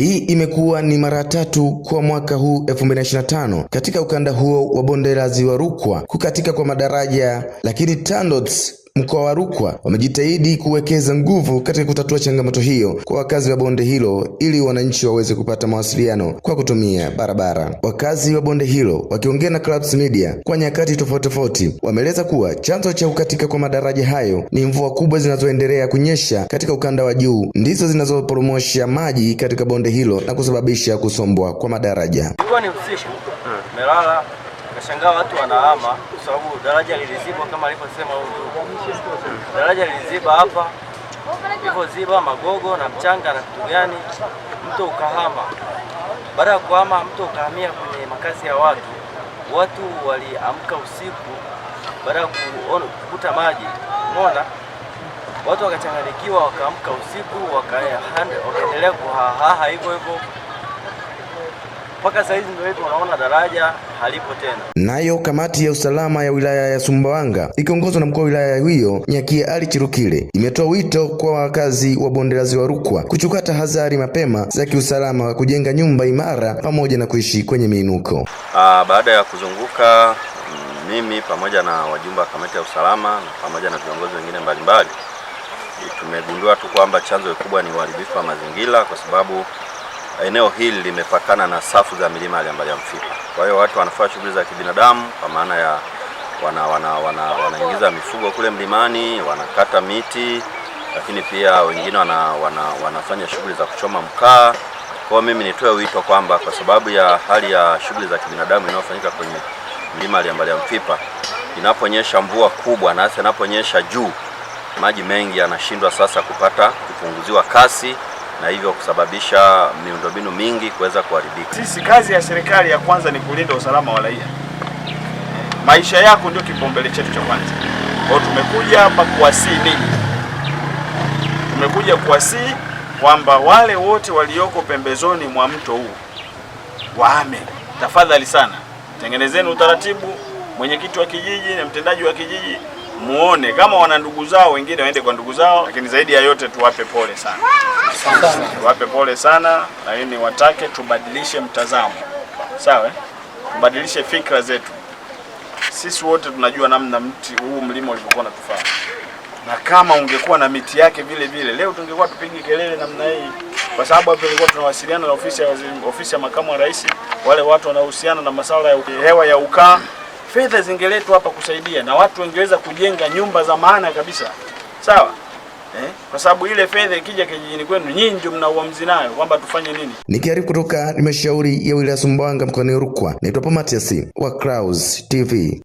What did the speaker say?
Hii imekuwa ni mara tatu kwa mwaka huu 2025 katika ukanda huo wa bonde la ziwa Rukwa kukatika kwa madaraja, lakini TANROADS mkoa wa Rukwa wamejitahidi kuwekeza nguvu katika kutatua changamoto hiyo kwa wakazi wa bonde hilo ili wananchi waweze kupata mawasiliano kwa kutumia barabara. Wakazi wa bonde hilo wakiongea na Clouds Media kwa nyakati tofauti tofauti, wameeleza kuwa chanzo cha kukatika kwa madaraja hayo ni mvua kubwa zinazoendelea kunyesha katika ukanda wa juu, ndizo zinazoporomosha maji katika bonde hilo na kusababisha kusombwa kwa madaraja. ni usiku melala Nashangaa watu wanahama kwa sababu daraja lilizibwa kama alivyosema huyu. Daraja liliziba hapa ziba magogo na mchanga na vitu gani, mto ukahama. Baada ya kuhama, mto ukahamia kwenye makazi ya watu. Watu waliamka usiku baada ya kukuta maji, umeona watu wakachanganyikiwa, wakaamka usiku, wakaendelea kuhahaha hivyo hivyo mpaka saa hizi ndio hivyo, unaona daraja halipo tena. Nayo kamati ya usalama ya wilaya ya Sumbawanga ikiongozwa na mkuu wa wilaya hiyo Nyakia Ali Chirukile imetoa wito kwa wakazi wa bonde la Ziwa Rukwa kuchukua tahadhari mapema za kiusalama wa kujenga nyumba imara pamoja na kuishi kwenye miinuko. Aa, ah, baada ya kuzunguka mm, mimi pamoja na wajumbe wa kamati ya usalama na pamoja na viongozi wengine mbalimbali tumegundua tu kwamba chanzo kikubwa ni uharibifu wa mazingira kwa sababu eneo hili limepakana na safu za milima ya mfipa Kwa hiyo watu wanafanya shughuli za kibinadamu kwa maana ya wanaingiza wana, wana, wana mifugo kule mlimani, wanakata miti, lakini pia wengine wana, wana, wanafanya shughuli za kuchoma mkaa. Kwa mimi nitoe wito kwamba kwa sababu ya hali ya shughuli za kibinadamu inayofanyika kwenye mlima ya mfipa inaponyesha mvua kubwa na hasa inaponyesha juu, maji mengi yanashindwa sasa kupata kupunguziwa kasi na hivyo kusababisha miundombinu mingi kuweza kuharibika. Sisi kazi ya serikali ya kwanza ni kulinda usalama wa raia, maisha yako ndio kipaumbele chetu cha kwanza. Kwa hiyo tumekuja hapa kuwasii nini? Tumekuja kuwasii kwamba wale wote walioko pembezoni mwa mto huu waame, tafadhali sana, tengenezeni utaratibu. Mwenyekiti wa kijiji na mtendaji wa kijiji muone kama wana ndugu zao wengine waende kwa ndugu zao, lakini zaidi ya yote tuwape pole sana, tuwape pole sana, lakini watake tubadilishe mtazamo, sawa, eh? tubadilishe fikra zetu. Sisi wote tunajua namna mti huu mlima ulivyokuwa natufaa, na kama ungekuwa na miti yake vile vile, leo tungekuwa tupigi kelele namna hii, kwa sababu hapo ilikuwa tunawasiliana na ofisi ya, ofisi ya makamu wa rais, wale watu wanaohusiana na masuala ya hewa ya ukaa fedha zingeletwa hapa kusaidia na watu wangeweza kujenga nyumba za maana kabisa, sawa eh? Kwa sababu ile fedha ikija kijijini kwenu, nyinyi ndio mna uamuzi nayo kwamba tufanye nini. Nikiarifu kutoka halmashauri ya wilaya Sumbawanga mkoani Rukwa, naitwa Pomatius wa Clouds TV.